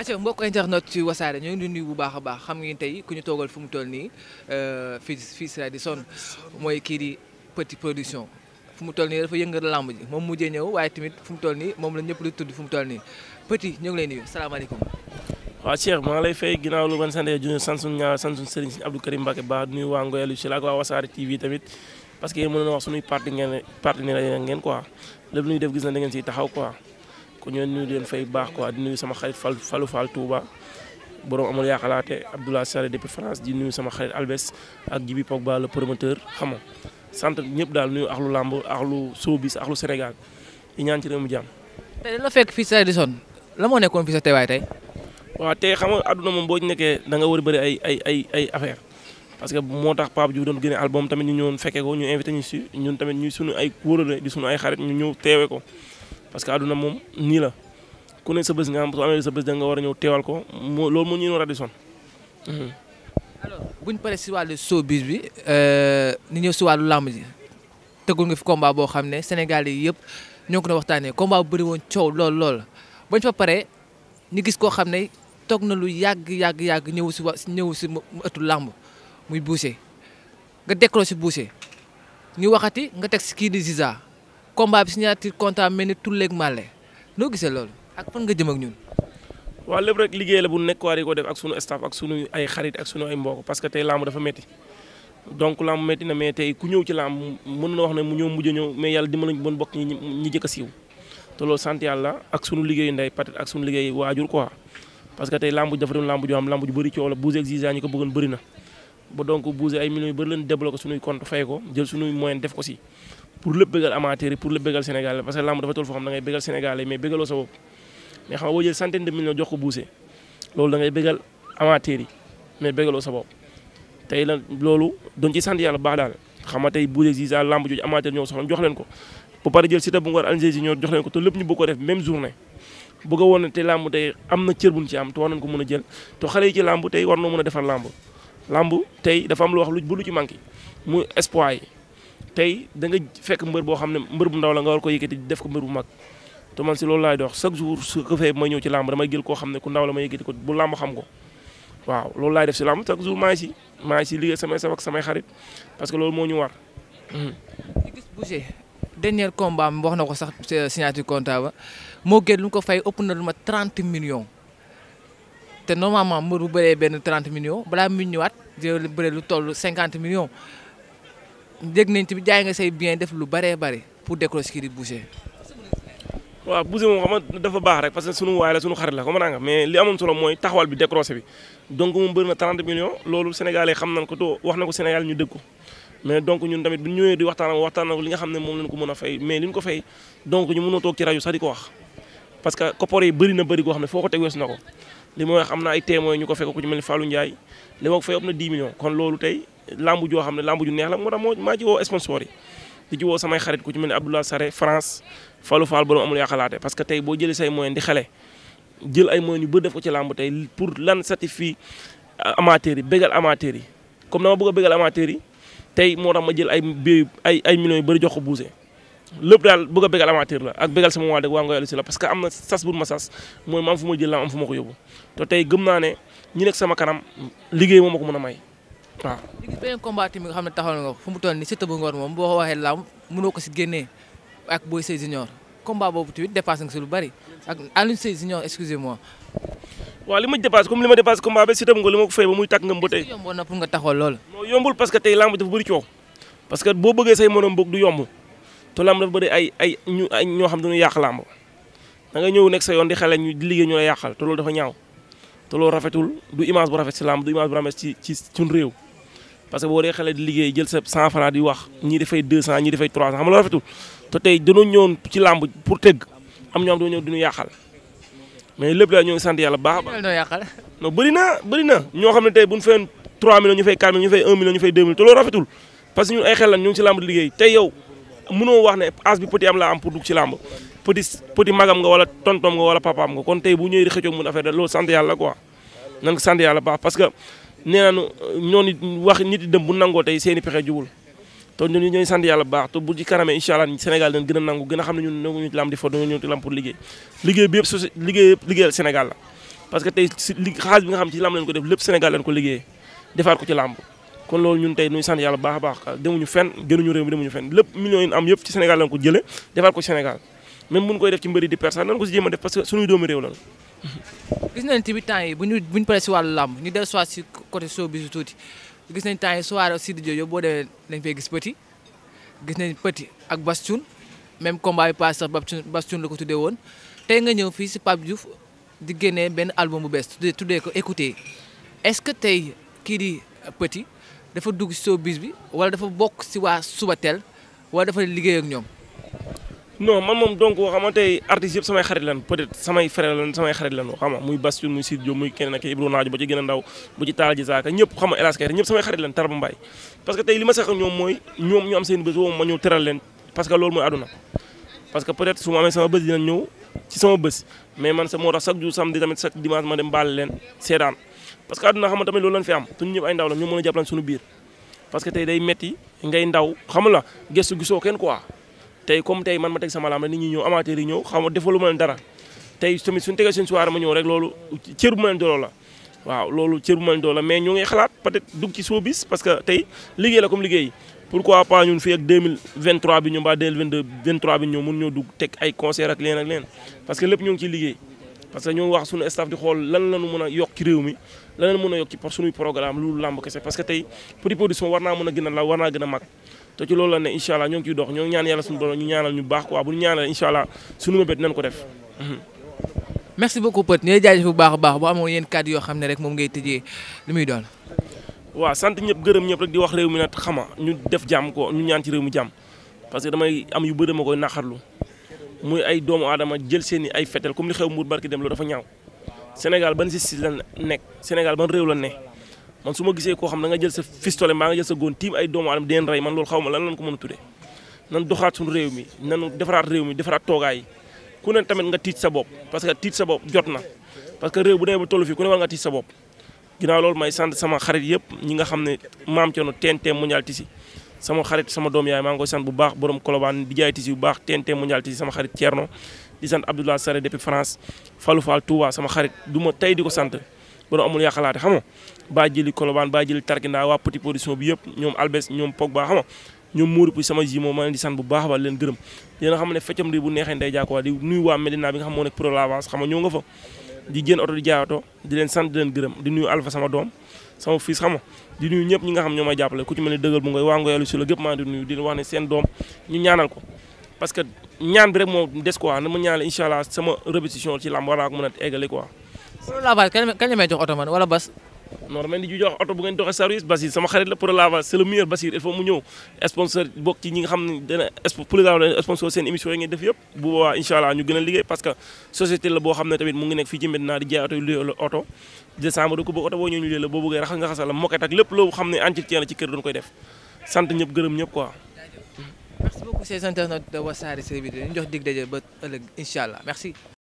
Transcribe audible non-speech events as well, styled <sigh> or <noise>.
acca mbokk internet ci wasaare ñu ngi nuyu bu baax a baax xam tey ku ñu toogal mu toll nii euh, fii fii si Radisson mooy kii di Petit Production fu mu toll nii dafa yëngal làmb ji moom mujjee ñëw waaye tamit fu mu toll nii moom la ñëpp di tudd fu mu toll nii Petit ñu ngi lay nuyu salaamaaleykum. waaw Cheikh maa ngi lay fay ginnaaw lu man sant junne sant suñu si Abdou Karim Mbacke baax nuyu waa Ngoyal Luchel ak waa wasaare TV tamit parce que mën na wax suñuy partenaires ngeen partenaires ngeen quoi lépp lu ñuy def gis na ngeen siy taxaw quoi ku ñëw ñu leen fay baax quoi di nuyu sama xarit Fal Fallou Fall Touba borom amul yaakalaate Abdoulaye Sarr depuis France di nuyu sama xarit Albes ak Jibi Pogba le promoteur xam nga sant ñëpp daal nuyu axlu làmb axlu showbiz axlu Sénégal di ñaan ci réew mu jàmm. tey la fekk fii sa Edison la moo nekkoon fii sa teewaay tey. xam nga àdduna moom boo ci nekkee da nga war a bëri ay ay ay ay affaire parce que moo tax Pape Diouf doon génne album tamit ñu ñëwoon fekkee ko ñu invité ñu si ñun tamit ñu suñu ay wóorale di suñu ay xarit ñu ñëw teewe ko. parce que àdduna moom nii la ku ne sa bés nga am soo sa bés da war a ñëw teewal ko moo loolu moo ñu war a di son buñ paree si wàllu showbiz bi ni euh, ñëw si wàllu làmb ji tëggul nga fi combat boo xam ne Sénégal yi yëpp ñoo ko na waxtaanee komba bu bëri woon coow lool lool bañ fa paree ñu gis koo xam ne toog na lu yàgg yàgg yàgg ñëw si wa ñëw si ëttu làmb muy Boucher nga si Boucher ñu waxati nga teg si kii di Ziza. combat bi signature contrat mel ni tulleeg màlle noo gisee loolu ak fan nga jëm ak ñun. waaw lépp rek liggéey la bu nekk war yi ko def ak sunu staff ak sunu ay xarit ak sunu ay mbokk parce que tey làmb dafa métti donc làmb métti na mais tey ku ñëw ci làmb mën na wax ne mu ñëw mujj ñëw mais yàlla dimbali ñu bokk ñi ñi jëkk a siiw te loolu ak sunu liggéeyu ndey peut-être ak sunu liggéey waajur quoi parce que bëri coow la bouse exigence ñi ko bëggoon bëri na ba donc bouse ay millions yu bëri leen sunuy compte fay ko jël sunuy moyen def ko si pour lépp bëggal amateur yi pour lépp bëggal Sénégal parce que lamb dafa toll foo xam da ngay bëggal Sénégal mais bëggaloo sa bopp mais xam nga boo jël centaine de millions jox ko Boucher loolu da bëggal amateur yi mais bëggaloo sa bopp tey la loolu doon ci sant yàlla baax daal xam nga tey Boucher Ziza lamb jooju amateur ñoo soxla jox leen ko ba pare jël Siteu bu Ngor Algérie junior jox leen ko te lépp ñu bëgg ko def même journée bëgg a woon ne te làmb tey am na cër buñ ci am te war nañ ko mën a jël te xale yi ci làmb tey war noo mën a defar làmb làmb tey dafa am lu wax lu bu lu ci manqué muy espoir yi tey da nga fekk mbër boo xam ne mbër bu ndaw la nga war ko yëkkati def ko mbër bu mag te man si loolu laay dox chaque jour su ko fee ma ñëw ci làmb damay jël koo xam ne ku ndaw la ma yëkkati ko xam ko waaw loolu laay def si làmb chaque jour maa si maa ngi si liggéey samay saf samay xarit parce que loolu moo ñu war. Mhm. gis Boucher dernier combat wax na ko sax signature contrat ba moo gën lu ko fay ëpp na lu ma 30 million te normalement mbër bu bëree benn 30 millions balaa muy ñëwaat di lu toll 50 millions. dégg nañ tamit jaay nga say bien def lu bare bëri pour décrocher kii di Boucher. waaw Boucher moom xam nga dafa baax rek parce que sunu waay la sunu xarit la comme naa nga mais li amoon solo mooy taxawal bi décrocher bi donc moom bëri na 30 millions loolu sénégalais xam na ko to wax na ko Sénégal ñu dégg ko mais donc ñun tamit bu ñu ñëwee di waxtaan waxtaan na li nga xam ne moom lañ ko mën a fay mais li ñu ko fay donc ñu mën a ci rajo sax di ko wax parce que koppar yi bëri na bëri goo xam ne foo ko teg wees na ko li ma wax am ay témoins ñu ko fekk ku ci mel ni Fallou Ndiaye li ma ko fay ëpp na 10 millions kon loolu tey lamb joo xam ne lamb ju neex la moo moo maa ci woo xarit ku ci mel ni Abdoulaye Sare France Fallou Fall borom amul parce que tey boo jëlee say moyens di xale jël ay moyens yu bëri def ko ci lamb tey pour lan satisfie amateurs yi bégal amateurs yi comme dama bëgg a bégal yi tey moo tax ma jël ay ay ay millions yu bëri jox ko Boucher lépp daal bëgg a bégal amateur la ak bégal sama waa dëgg waa Ngoyal si la parce que am na sas bu ma sas mooy ma am fu ma jël la am fu ma ko yóbbu a may nga na nga fu mu toll nii Siteu bu Ngor moom boo waxee laam ba muy tàkk ngëm lool. non yombul parce que tey lamb dafa bëri coow parce que du yomb te lamb dafa bëri ay ay ñu ay ñoo xam dañu yàq lamb da nga ñëw nekk sa yoon di xale di liggéey ñu yàqal te loolu dafa ñaaw te loolu rafetul du image bu rafet si lamb du image bu rafet ci ci suñu réew parce que boo dee xale di liggéey jël sa 100 francs di wax ñii dafay 200 ñii dafay 300 xam nga rafetul te tey dañoo ñëwoon ci làmb pour tëgg am ñoo xam dañoo ñëw duñu yàqal mais lépp daal ñoo a xam ne tey bu ñu fayoon 3 millions ñu fay 4 millions te loolu rafetul parce que ay xel lan ñu ngi ci di liggéey tey yow munoo wax ne as bi petit am laa am pour dugg ci làmb petit magam nga wala tontom nga wala papaam nga kon tey bu ñëwee di xëccoo mun affaire da loolu sant yàlla quoi nan ko sant yàlla baax parce que nee nañu ñoonu wax nit dem bu nangoo tey seen i pexe jubul te ñun ñooy sant a nangu liggéey bi yëpp su liggéeyal Sénégal la parce que tey si bi nga xam ci làmb leen ko def leen ko liggéey defaat ko ci làmb kon loolu ñun tey ñu sant yàlla baax a baax demuñu fenn gënuñu réew mi demuñu fenn lépp millions yi am yëpp ci Sénégal lañ ko jële defal ko Sénégal même mun koy def ci mbëri di persa a def parce que suñuy doomi <laughs> gis nañ tamit temps yi buñu si wàllu làmb ñu del soit gis nañ temps yi soirée Sidi Diop boo demee dañ fay gis Petit gis nañ Petit ak Bastoun même combat yi passé sax Bastoun la woon tey nga ñëw fii si Pape Diouf di génnee benn album bu bees tuddee tuddee ko écouter est-ce que tey kii di Petit dafa dugg si bis bi wala dafa bokk si waa Subatel wala dafa liggéey ak ñoom. non man moom donc xamante ne artistes yëpp samay xarit lan peut-être samay frère lan samay xarit lan xam nga muy Bass muy Sidy Diop muy keneen ak Ibro Naajo ci gën a ndaw ba ci Talla Diazaka ñëpp xam nga El Hadj Keita samay xarit lan Tarba Mbaye parce que tey li ma sax ak ñoom mooy ñoom ñu am seen bés woo ma ñëw teral leen parce que loolu mooy àdduna parce que peut-être su ma amee sama bés dinañ ñëw ci sama parce que àdduna xam tamit loolu lañ fi am suñu ñëpp ay ndaw la ñu mën a jàppalante suñu biir parce que tey day metti ngay ndaw xam la gëstu gisoo kenn quoi tey comme tey man ma teg sa laam rek nit ñi ñëw amateur yi ñëw xam defalu ma leen dara tey tamit suñu tegee suñu soirée ma ñëw rek loolu cër bu ma leen dooloo la waaw loolu cër bu ma leen dooloo la mais ñu ngi xalaat peut-être dugg ci showbiz parce que tey liggéey la comme liggéey pourquoi pas ñu lépp ñu ngi ci liggéey parce que ñoo wax suñu staff di xool lan la mën a yokk ci réew mi lan la ñu mën a yokk ci par programme loolu làmb kese parce que tey petit production war naa mën a gën a la war naa gën a mag te ci loolu la ne incha ñoo ngi ciy dox ñoo ñaan yàlla suñu borom ñu ñaanal ñu baax quoi bu ñu ñaanal incha allah suñu mébét nañ ko def. Mhm. merci beaucoup Pod ñu ngi jaajëf bu baax a baax bu amoon yéen kàddu yoo xam ne rek moom ngay tëjee li muy doon. waaw sant ñëpp gërëm ñëpp rek di wax réew mi nag ñu def jàmm ko ñu ñaan ci réew mi jàmm parce que damay am muy ay doomu aadama jël seen ay fetel comme li xew Mbour barki dem lu dafa ñaaw Sénégal ban si la nekk Sénégal ban réew la ne man su ma gisee koo xam ne nga jël sa fistolet mbaa nga jël sa góon tiim ay doomu aadama deen rey man loolu xaw ma lan lañ ko mën a tuddee nan doxaat suñu réew mi nan defaraat réew mi defaraat toogaay ku ne tamit nga tiit sa bopp parce que tiit sa bopp jot na parce que réew bu demee ba tollu fii ku ne war nga tiit sa bopp ginnaaw loolu may sant sama xarit yëpp ñi nga xam ne maam Thierno TNT mondial Tizi sama xarit sama doom yaay maa ngi koy sant bu baax borom Colobane di jaay tisi bu baax TNT mondial tisi sama xarit Thierno di sant Abdoulaye Sare depuis France Fallou Fall Touba sama xarit du ma tey di ko sant borom amul yàqalaate xam nga baa jëli Colobane baa jëli Tarkinda waa petit production bi yëpp ñoom Albes ñoom Pogba xam nga ñoom muuri pu sama ji moom ma leen di sant bu baax ba leen gërëm yéen a xam ne feccam ri bu neexee day jàkkuwaat di nuyu waa Medina bi nga xam moo nekk pour l'avance xam nga leen sant leen gërëm di nuyu Alpha sama doom sama fils xam nga di nuyu ñëpp ñi nga xam ñoo may jàppale ku ci mel ne dëggal bu ngoy waa ngoyalu si la gëpp maa di nuyu di wax ne seen doom ñu ñaanal ko parce ñaan bi rek moo des quoi na ma ñaanal incha sama répétition ci làmb war naa ko a eggale quoi. pour l' avance kañ la may jox oto man wala bas. non damay di jox oto bu ngeen doxee service Basir sama xarit la pour lava Basir il faut mu ñëw sponsor bokk ci ñi nga xam ne dana pour lava sponsor seen émission yi ngeen def yëpp bu boobaa incha allah ñu gën a liggéey parce que société la boo xam ne tamit mu ngi nekk fii ci Medina di jaay oto luy oto décembre du bëgg oto boo ñëw ñu leen la boo bëggee raxas nga xasal la moket ak lépp loo xam ne entretien la ci kër doon koy def